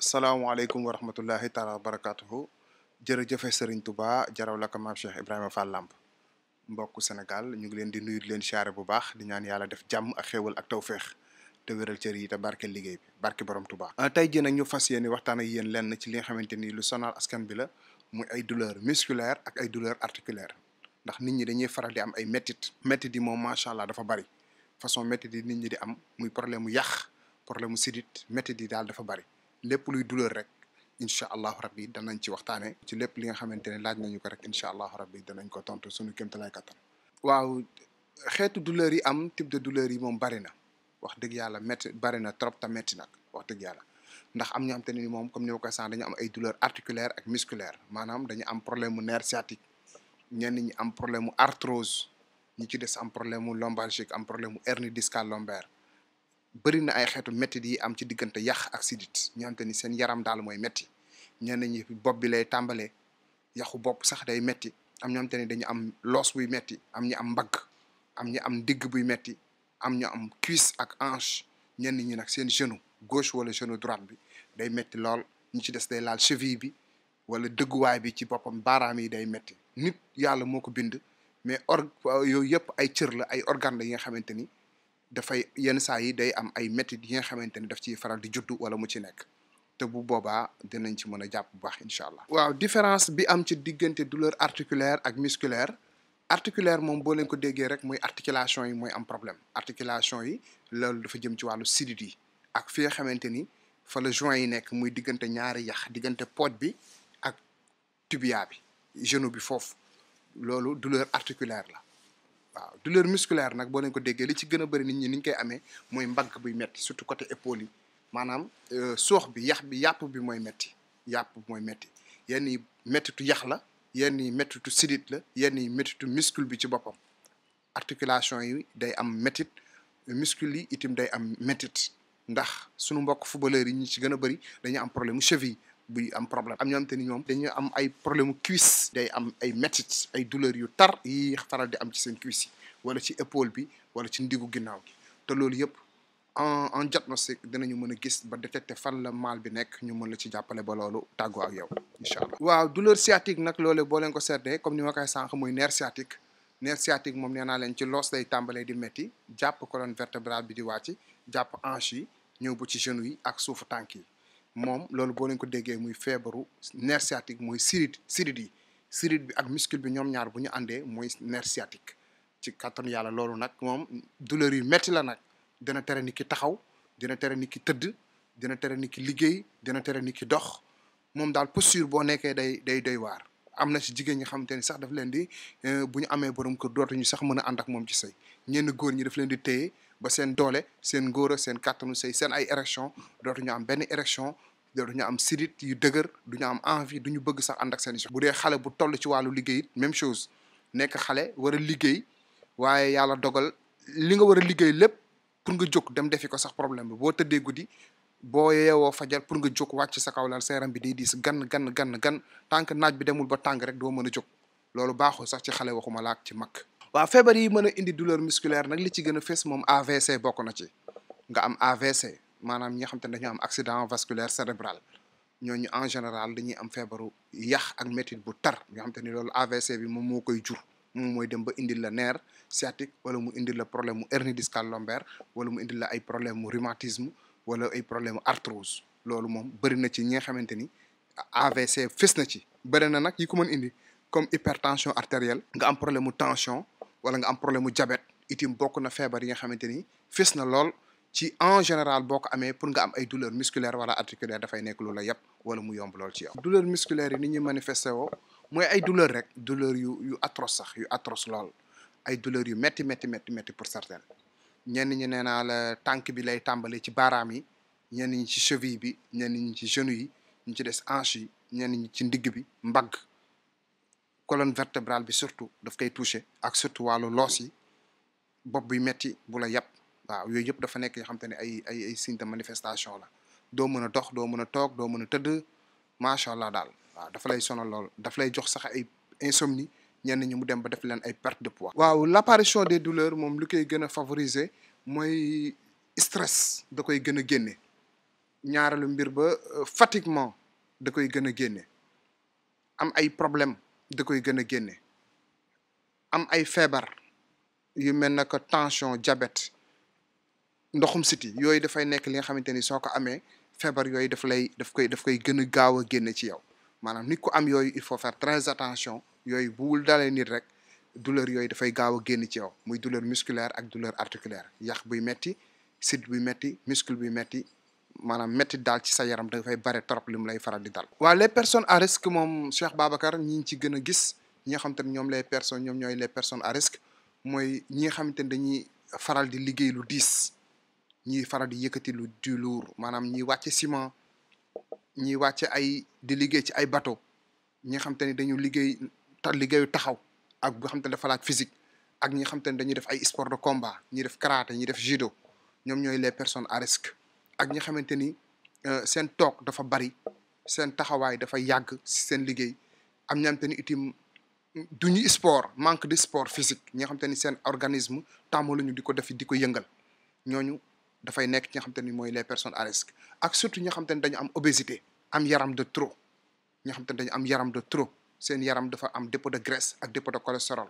salaamaaleykum wa rahmatullahi taala wa barakaatuhu jërëjëfe sëriñ Touba jaraw la ko maam Cheikh Ibrahima Fall Lamp mbokku Sénégal ñu ngi leen di nuyu leen siyaare bu baax di ñaan yàlla def jàmm a xéwal ak taw tawféex te wéral cër yi te barke liggéey bi barke borom Touba. Ah, tey jii nag ñu fas yéene waxtaan ak yéen lenn ci li nga xamante ni lu sonal askan bi la muy ay douleur musculaire ak ay douleur articulaire ndax nit ñi dañuy faral di am ay méttit méttit yi moom macha allah dafa bari façon méttit yi nit ñi di am muy problème mu yàq problème mu sidit méttit yi daal dafa bari lépp luy douleur rek incha allahu rabbi danañ ci waxtaanee. ci lépp li nga xamante ne laaj nañu ko rek incha allahu rabbi danañ ko tontu suñu kéemtalaay kattan. waaw xeetu douleur yi am type de douleur yi moom bari na wax dëgg yàlla métti bari na trop te métti nag wax dëgg yàlla ndax am ñoo xam te ne ni moom comme ni ma ko sànq dañu am ay douleur articulaire ak musculaire maanaam dañu am problème mu nerf sciatique ñenn ñi am problème mu arthrose ñi ci des am problème mu lombalgique am problème mu hernie discale lombaire. bëri na ay xeetu métti yi am ci diggante yàq ak sidit ñoo xamante ni seen yaram daal mooy métti ñenn ñi bopp bi lay tàmbalee yàqu bopp sax day métti am ñoo xamante ni dañu am loos buy métti am ñu am mbagg am ñu am digg buy métti am ñu am cuisse ak hanche ñenn ñi nag seen genou gauche wala genou droite bi day métti lool ñu ci des day laal cheville bi wala dëgguwaay bi ci boppam baaraam yi day métti nit yàlla moo ko bind mais or yooyu yëpp ay cër la ay organes la yi nga xamante ni dafa yenn saa yi day am ay métit yi nga xamante ni daf ciy faral di juddu wala mu ci nekk te bu boobaa dinañ ci mën a jàpp bu baax incha allah. waaw différence bi am ci diggante douleur articulaire ak musculaire articulaire moom boo leen ko déggee rek mooy articulation yi mooy am problème articulation yi loolu dafa jëm ci wàllu sidit yi ak fi nga xamante ni fa la yi nekk muy diggante ñaari yax diggante pooj bi ak tibia bi genou bi foofu loolu douleur articulaire la. waaw douleur musculaire nag boo leen ko déggee li ci gën a bëri ñi ni ñu amee mooy mbagg buy metti surtout côté épaule yi maanaam euh, soox bi yax bi yàpp bi mooy metti yàpp mooy metti yenn yi mettitu yax la yenn yi mettitu la yenn yi mettitu muscle bi ci boppam articulation yi day am métit muscle yi itam day am métit ndax sunu mbokk footballeur yi ñi ci gën a bëri dañu am problème mu buy am problème am ñoo xam te ni ñoom dañuy am ay problème mu cuisse day am ay métit ay douleurs yu tar yi faral di am ci seen cuisse yi wala ci épaule bi wala ci ndigu ginnaaw gi te loolu yëpp en en diagnostic dinañu mën a gis ba détecter fan la maal bi nekk ñu mën la ci jàppale ba loolu tàggoo ak yow incha allah. waaw douleur sciatique nag loolee boo leen ko seetee comme ni ma koy sànq muy nerf sciatique nerf sciatique moom nee naa leen ci loos lay tàmbalee di métti jàpp colonne vertébrale bi di wàcc jàpp hanche yi ñëw ci genou yi ak suufu tànk yi. moom loolu boo leen ko déggee muy feebaru nerf sciatique mooy sirite sirite yi sirite bi ak muscle bi ñoom ñaar bu ñu àndee mooy nerf sciatique ci kàttan yàlla loolu nag moom douleur yu metti la nag dina tere ni ki taxaw dina tere nit ki tëdd dina tere nit ki liggéey dina tere nit ki dox moom daal posture boo nekkee day day day waar am na si jigéen ñi xamante ni sax daf leen di euh, bu ñu amee borom kër dootuñu sax mën a ànd ak moom ci say ñenn góor ñi def leen di téye ba seen doole seen ngóora seen kàttanu sëy seen ay érection dootuñu am benn érection dootuñu am sidit yu dëgër duñu am envie ñu bëgg sax ànd ak seen bu dee xale bu toll ci wàllu liggéey it même chose nekk xale war a liggéey waaye yàlla dogal li nga war a liggéey lépp pour nga jóg dem defi ko sax problème bi boo tëddee guddi bo yeewo fajar pour nga jóg wacc sa kaw laal bi di dis gan gan gan gan tank naaj bi demul ba tang rek do meuna a lolu baxu sax ci xalé waxuma laak ci mak wa yi meuna indi douleur musculaire nak li ci gëna fess mom moom avc bokku na ci nga am avc manam ñi xamantene dañu am accident vasculaire cérébral ñooñu en général dañuy am feebaru yah ak métit bu tar nga xamantene lolu avc bi moom mo koy jur moom moy dem ba indi la nerf sciatique wala mu indi la problème hernie discale lombaire wala mu indi la ay problème rhumatisme wala ay problème arthrose loolu moom bëri na ci ñi nga xamante ni AVC fës na ci bëri na nag yi ko mën indi comme hypertension artérielle nga am problème mu tension wala nga am problème mu diabète itim bokk na feebar yi nga xamante ni fës na lool ci en général boo ko amee pour nga am ay douleur musculaire wala articulaire dafay nekk lu la yàpp wala mu yomb lool ci yow douleur musculaire yi ni ñuy manifesté woo mooy ay douleur rek douleur yu yu atroce sax yu atroce lool ay douleur yu metti metti metti metti pour certaines ñenn ñi nee naa la tànk bi lay tàmbale ci baaraam yi ñenn ñi ci cheville bi ñenn ci genou yi ñu ci des hanche ñenn ñi ci ndigg bi mbagg colonne vertébrale bi surtout daf koy touché ak surtout wàllu loos yi bopp bi metti bu la waaw yooyu yëpp dafa nekk yoo xam te ne ay ay ay de manifestation la doo mën a dox doo mën a toog doo mën a tëdd macha allah daal waaw dafa lay sonal lool dafa lay jox sax ay insomnie ñenn ñi mu dem ba def leen ay perte de poids. waaw l' apparition des douleurs moom li koy gën a favoriser mooy stress da koy gën a génne ñaareelu mbir ba euh, fatiguement da koy gën a génne am ay problème da koy gën a génne am ay feebar yu mel ne que tension diabète ndoxum siti yooyu dafay nekk li nga xamante ni soo ko amee feebar yooyu daf lay daf koy daf koy gën a gaaw a génne ci yow maanaam nit ko am yooyu il faut faire très attention. yooyu buwul dalee nit rek douleur yooyu dafay gaaw a génn ci yow muy douleur musculaire ak douleur articulaire yax buy metti sit buy metti muscle buy metti maanaam métti daal ci sa yaram dafay bare trop li mu lay faral di dal. waaw les personnes à risque moom Cheikh Babacar ñi ngi ci gën a gis ñi nga xam te ne ñoom les personnes ñoom ñooy les personnes à mooy ñi nga xamante ne dañuy faral di liggéey lu diis ñiy faral di yëkkati lu du lourd maanaam ñiy wàcce ciment ñiy wàcce ay di liggéey ci ay bateau ñi nga xam te ne dañu liggéey ta liggéeyu taxaw ak bu xam te ne dafa laaj physique ak ñi xam te ne dañuy def ay sport de combat ñuy def karaté ñuy def judo ñoom ñooy les personnes à risque ak ñi xamante ni euh, seen toog dafa bari seen taxawaay dafa yàgg si seen liggéey am ñi ni itam du ñu manque de sport physique ñi nga ni seen organisme tàmmaluñu di ko def di ko yëngal ñooñu dafay nekk ñi nga xamante ni mooy les personnes à risque surtout ñi nga xamante ni dañu am obésité am yaram de trop ñi nga xamante am yaram de trop sen yaram dafa am dépôt de graisse ak dépôt de cholestérol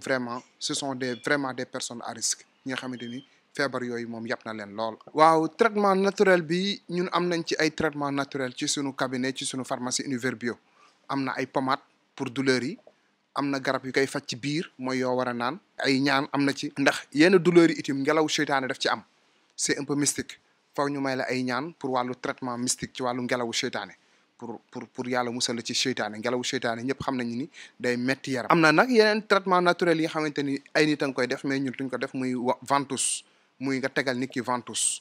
vraiment ce sont des vraiment des personnes à risque ñi nga traitement naturel bi ñun am ci traitement naturel ci suñu cabinet ci suñu pharmacie univerbio amna ay pommades pour douleur yi amna yu koy biir moy yo a naan. ay ñaan amna am c'est un peu mystique Nous may la ay ñaan pour walu traitement mystique ci pour pour pour yàlla musal ci seytaane ngelawu seytaane ñëpp xam nañu ni day metti yaram. am na nag yeneen traitement naturel yi xamante ni ay nit a koy def mais ñun duñ ko def muy ventouse muy nga tegal nit ki ventouse.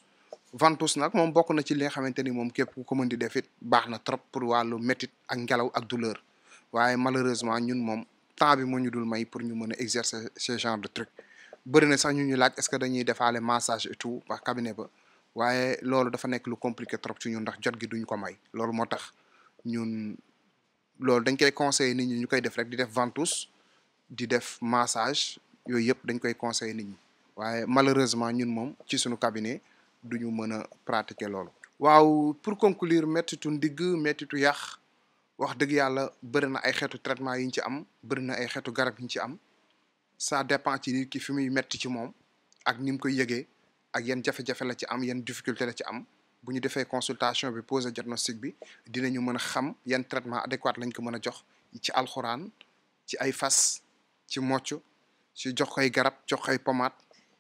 ventouse nag moom bokk na ci li nga xamante ni moom képp ku ko mën di def baax na trop pour wàllu métit ak ngelaw a douleur waaye malheureusement ñun moom temps bi moo ñu dul may pour ñu mën a exercer ce genre de truc. bëri na sax ñu ñu laaj est-ce que dañuy defaale massage et tout par cabinet loolu dafa nekk lu compliqué trop ñun ndax jot gi duñ ko may loolu tax. ñun loolu dañ koy conseiller nit ñi ñu koy def rek di def ventouse di def massage yooyu yëpp dañ koy conseiller nit waaye malheureusement ñun moom ci suñu cabinet duñu mën a pratiquer loolu waaw pour conclure méttitu ndigg méttitu yàq wax dëgg yàlla bëri na ay xeetu traitement yi ñu ci am bëri na ay xeetu garab yi ñu ci am ça dépend ci nit ki fi muy métti ci moom ak ni mu koy yëgee ak yan jafe-jafe la ci am yan difficulté la ci am bu ñu defee consultation bi poser diagnostic bi dinañu mën a xam yan traitement adéquat lañ ko mën a jox ci alxuraan ci ay fas ci mocc ci jox koy garab jox koy pomade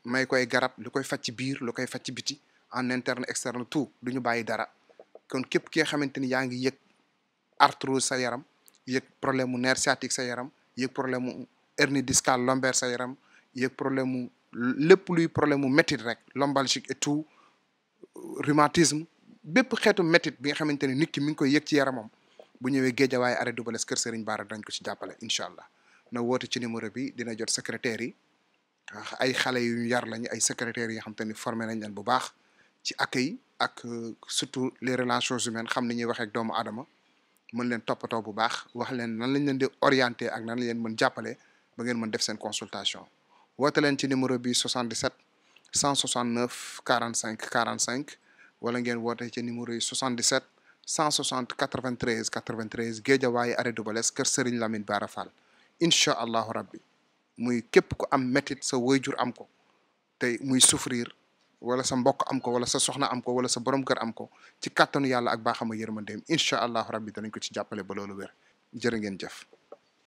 may koy garab lu koy faj biir lu koy faj biti en interne externe tout du ñu bàyyi dara kon képp ki nga xamante ni yaa ngi yëg arthrose sa yaram yëg problème mu nerf sciatique sa yaram yëg problème mu hernie discale lombaire sa yaram yëg problème mu lépp luy problème mu métit rek lombalgique et tout rhumatisme bépp xeetu métit bi nga xamante ne nit ki mi ngi koy yëg ci yaramam bu ñëwee géejawaay arrêt Doubalès kër Serigne Bara dañ ko ci jàppale incha allah na woote ci numéro bi dina jot secrétaire yi ay xale yu ñu yar lañu ay secrétaires yi nga xam te ni formé nañ leen bu baax ci accueil ak euh, surtout les relations humaines xam ni ñuy waxee ak doomu aadama mën leen toppatoo bu baax wax leen nan lañ leen di orienté ak nan lañ leen mën jàppale ba ngeen mën def seen consultation 169 45 45 wala ngeen woote ci numéro yi 77 160 93 93 Géejawaay arrêt Dubalès kër Serigne Lamine baarafal Fall incha allahu rabbi muy képp ku am métit sa wayjur am ko te muy souffrir wala sa mbokk am ko wala sa soxna am ko wala sa borom kër am ko ci kàttanu yàlla ak baaxama yërmandeem incha allahu rabbi danañ ko ci jàppale ba loolu wér jërë ngeen jëf